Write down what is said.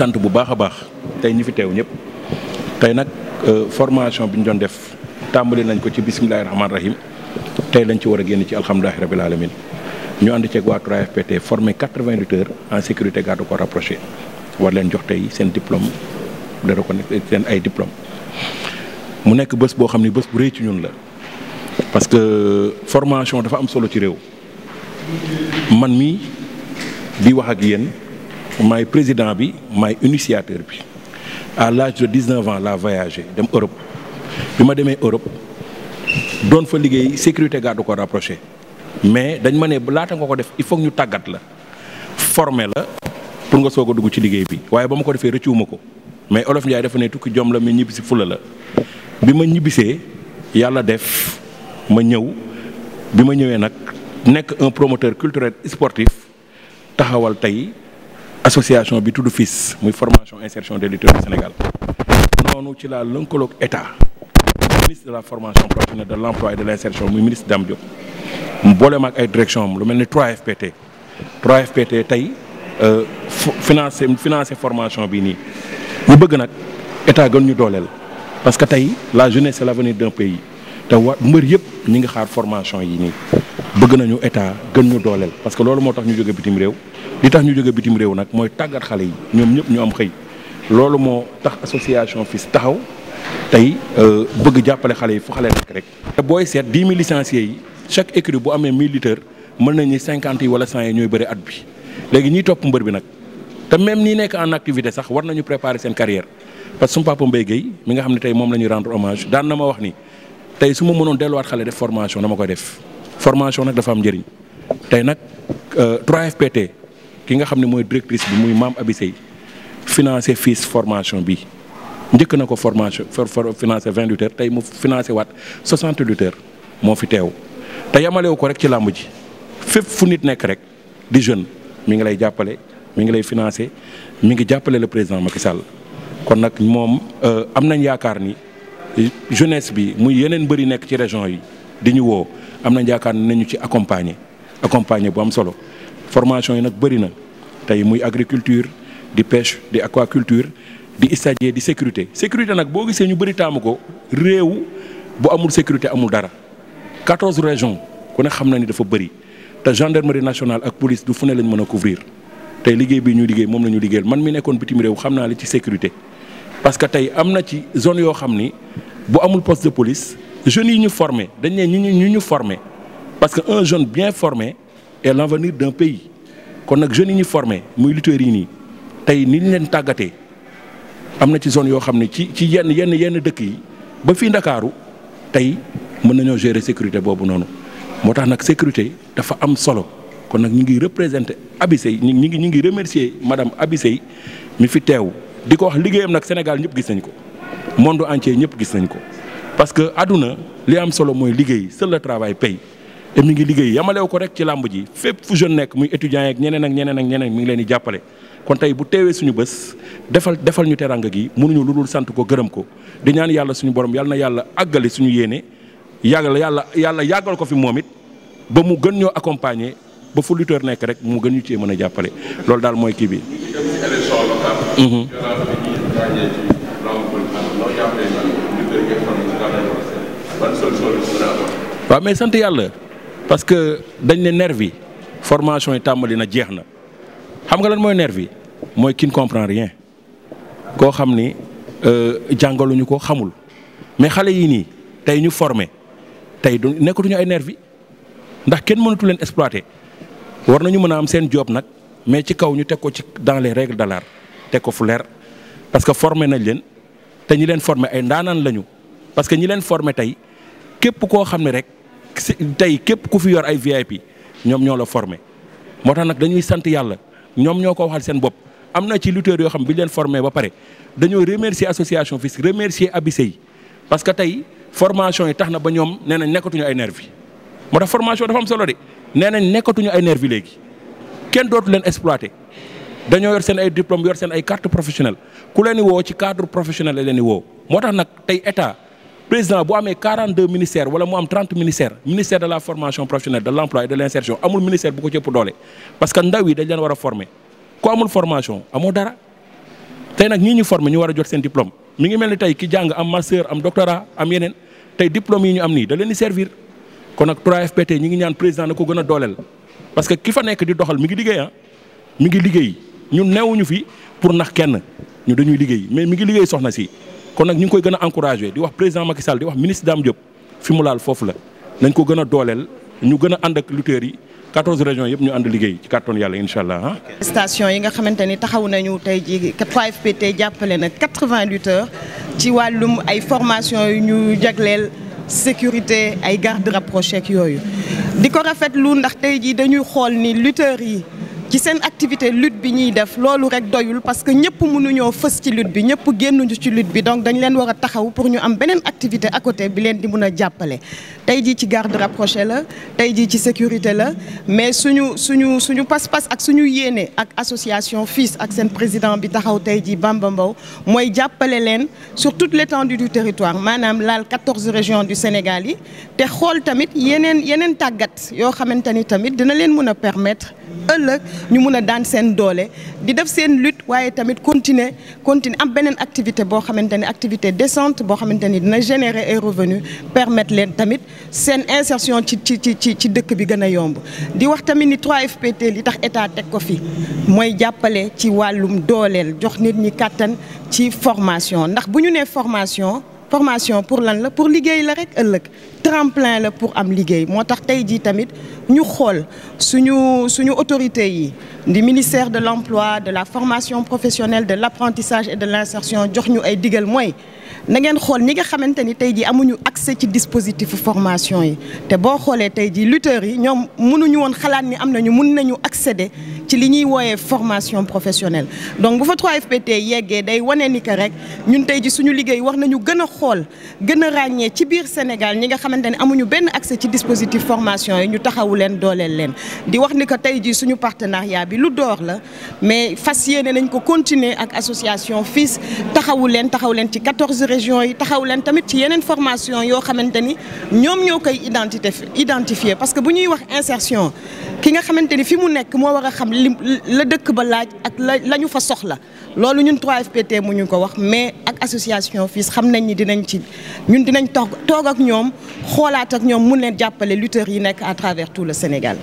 sant bu baax a baax tey ñi fi teew ñëpp tey nag euh, formation bi ñu doon def tàmbali nañ ko ci bisimilahi rahmaani rahim tey lañ ci war a génn ci alhamdulilahi rabil alamin ñu ànd ceeg waa 3FPT formé 80 lutteurs en sécurité garde corps rapproché war leen jox tey seen diplôme de reconnaître seen ay diplôme mu nekk bés boo xam ne bés bu rëy ci ñun la parce que euh, formation dafa am solo ci réew man mi di wax ak yéen maay président bi maay initiateur bi à l'âge de 19 ans laa voyagé dem Europe bi ma demee Europe doon fa liggéey sécurité garde ko rapproché mais dañ ma ne laata nga ko def il faut ñu tàggat la former la pour nga soog a dugg ci liggéey bi waaye ba ma ko defee rëccuwuma ko mais Olof Ndiaye dafa ne tukki jom la mais ñibbisi fula la bi ma ñibbisee yàlla def ma ñëw bi ma ñëwee nag nekk un promoteur culturel sportif taxawal tey association bi tudd FILS muy formation insertion de lutteurs du Sénégal noonu ci la lënkaloog état ministre de la formation professionnelle de l' emploi et de l' insertion muy ministre Dame Diop mu boolema ak ay direction am lu mel ni 3FPT 3FPT tey euh, financé financé formation bi nii mu bëgg nag état gën ñu dooleel parce que tey la jeunesse c' l' avenir d' un pays te wa mbër yëpp ñi ngi xaar formation yi nii. bëgg nañu état gën ñu dooleel parce que loolu moo tax ñu jóge bitim réew li tax ñu jóge bitim réew nag mooy tàggat xale yi ñoom ñëpp ñu am xëy loolu moo tax association FILS taxaw tey euh, bëgg jàppale xale yi fu xale nekk rek. te booy seet dix mille licenciés yi chaque écurie bu amee mille lutteurs mën nañu cinquante yi wala cent yi ñooy bëri at bi léegi ñiy topp mbër bi nag te même nii nekk en activité sax war nañu préparer seen carrière parce que suñu papa Mbaye mi nga xam ne tey moom la ñuy rendre daan na ma wax ni tey su ma mënoon delluwaat xale def formation dama koy def. formation nag dafa am njëriñ tey nag euh, 3FPT ki nga xam ne mooy directrice bi muy Mame Abi Seye financé formation bi njëkk na ko formation financé vingt lutteurs tey mu financé waat soixante lutteurs moo fi teew te yamalewu ko rek ci làmb ji fépp fu nit nekk rek di jeune mi ngi lay jàppale mi ngi lay financé mi ngi jàppale le président Macky Sall kon nag moom euh, am nañ yaakaar ni. jeunesse bi muy yeneen mbër nekk ci région yi di ñu woo am na yaakaar nañu ci accompagner accompagner bu am solo formation yi nag bëri na tey muy agriculture di pêche di aquaculture di stagiaire di sécurité sécurité nag boo gisee ñu bëri taamu ko réew bu amul sécurité amul dara 14 régions ku ne xam na ni dafa bëri te gendarmerie nationale ak police du fu ne lañ mën a couvrir tey liggéey bi ñu liggéey moom la ñu liggéeyal man mi nekkoon bitim réew xam naa la ci sécurité. parce que tey am na ci zone yoo xam ni bu amul poste de police jeunes yi ñu formé dañ ne ñu ñu ñu formé parce que un jeune bien formé est l'avenir d'un pays kon nag jeunes yi ñu formé muy lutteurs yi nii tey ni leen tàggatee am na ci zone yoo xam ne ci ci yenn yenn yenn dëkk yi ba fii Ndakaaru tey mën nañoo gérer sécurité boobu noonu moo tax nag sécurité dafa am solo kon nag ñu ngi représenter Abi Seye ñu ngi ñu ngi remercier madame Abi mi fi teew. di ko wax liggéeyam nag Sénégal ñëpp gis nañ ko monde entier ñëpp gis nañ ko parce que àdduna li am solo mooy liggéey seul le travail paye te mu ngi liggéey yamalew ko rek ci làmb ji fépp fu jeune nekk muy étudiant yeeg ñeneen ak ñeneen ak ñeneen mi ngi leen di jàppale kon tey bu teewee suñu bés defal defal ñu teranga gi mënuñu lu dul sant ko gërëm ko di ñaan yàlla suñu borom yàlla na yàlla àggale suñu yéene yàggal yàlla yàlla yàggal ko fi moom it ba mu gën ñoo accompagner ba fu lutteur nekk rek mu gën ñu cee mën a jàppale loolu daal mooy kii Mhm. waaw mais sant yàlla parce que dañ ne nervi formation yi tàmbali na jeex na xam nga lan mooy nervi mooy qui ne comprend rien koo xam ni euh, jàngaluñu ko xamul mais xale yi nii tey ñu formé tey du nekkatuñu ay nervi ndax kenn mënatu leen exploité war nañu mën a am seen job nag mais ci kaw ñu teg ko ci dans les règles de te ko fu leer parce que formé nañ leen te ñi leen formé ay ndaanaan lañu parce que ñi leen formé tey képp koo xam ne rek tey képp ku fi yor ay VIP ñoom ñoo la formé moo tax nag dañuy sant yàlla ñoom ñoo ko waxal seen bopp am na ci lutteurs yoo xam bi ñu leen formé ba pare dañoo remercier association FILS remercier abise yi parce que tey formation yi tax na ba ñoom nee nañ nekkatuñu ay nervi moo tax formation dafa am solo de nee nañ nekkatuñu ay nervi léegi kenn dootu leen exploité dañoo yor seen ay diplôme yor seen ay carte professionnelle ku leen di woo ci cadre professionnel la leen di woo moo tax nag tey état président bu amee 42 ministères wala mu am 30 ministères ministère de la formation professionnelle de l' emploi de l' amul ministère bu ko cëpp doole parce que ndaw dañ leen war a former ku amul formation amoo dara tey nag ñii ñu former ñu war a jot seen diplôme mu ngi mel ni tey ki jàng am master am doctorat am yeneen tey diplôme yi ñu am nii da leen di servir kon nag 3FPT ñi ngi ñaan président ko gën a dooleel parce que ki fa nekk di doxal mi ngi liggéey ah. mi ngi liggéey. ñun newuñu fi pour nax kenn ñu dañuy liggéey mais mi ngi liggéey soxna si kon nag ñu ngi koy gën a encouragé di wax président Macky Sall di wax ministre Dame Diop fi mu laal foofu la nañ ko gën a dooleel ñu gën a ànd ak lutteurs yi 14 régions yëpp ñu ànd liggéey ci kàttan yàlla incha allah. Ah. station yi nga xamante ni taxaw nañu tey jii 3FPT jàppale na 80 lutteurs ci wàllum ay formation yu ñu jagleel sécurité ay gardes rapprochés ak yooyu di ko rafetlu ndax tey jii dañuy yi. ci seen activité lutte bi ñuy def loolu rek doyul parce que ñëpp mënuñoo fës ci lutte bi ñëpp génnuñu ci lutte bi donc dañu leen war a taxaw pour ñu am beneen activité à côté bi leen di mun a jàppale. tey jii ci garde rapproché la tey jii ci sécurité la mais suñu suñu suñu pas-pas ak suñu yéene ak association FILS ak seen président bi taxaw tey jii Bamba Mbow mooy jàppale leen sur toute l'étendue du territoire maanaam laal quatorze régions du Sénégal yi te xool tamit yeneen yeneen tàggat yoo xamante ni tamit dina leen mun a permettre ëllëg. ñu mun a daan seen doole di def seen lut waaye tamit continuer continuer am beneen activité boo xamante ni activité décente boo xamante ni dina générer ay revenus permettre leen tamit seen insertion ci ci ci ci dëkk bi gën a yomb di wax tamit ni 3FPT li tax état teg ko fi mooy jàppale ci wàllum dooleel jox nit ñi kàttan ci formation ndax bu ñu nee formation formation pour lan la pour liggéey la rek ëllëg tremplin la pour am liggéey moo tax tey jii tamit ñu xool suñu suñu autorité yi du ministère de l'emploi de la formation professionnelle de l'apprentissage et de l'insertion jox ñu ay digal mooy na ngeen xool ñi nga xamante ni tey jii amuñu accès ci dispositif formation yi te boo xoolee tey jii lutteurs yi ñoom mënuñu woon xalaat ni am nañu mun nañu accéder ci li ñuy wooyee formation professionnelle. donc bu fa 3FPT yeggee day wane ni que rek ñun tey ji suñu liggéey wax nañu gën a xool gën a ràññee ci biir Sénégal ñi nga xamante ne amuñu benn accès ci dispositif formation yi ñu taxawu leen dooleel leen di wax ni que tey jii suñu partenariat bi. lu door la mais fas yéene nañ ko continuer ak association FILS taxawu leen taxaw leen ci quatorze régions yi taxaw leen tamit ci yeneen formation yoo xamante ni ñoom ñoo koy identité identifier parce que bu ñuy wax insertion ki nga xamante ni fi mu nekk moo war a xam li la dëkk ba laaj ak la la ñu fa soxla loolu ñun 3FPT mu ñu ko wax mais ak association FILS xam nañ ni dinañ ci ñun dinañ toog toog ak ñoom xoolaat ak ñoom mun leen jàppale lutteurs yi nekk à travers tout le Sénégal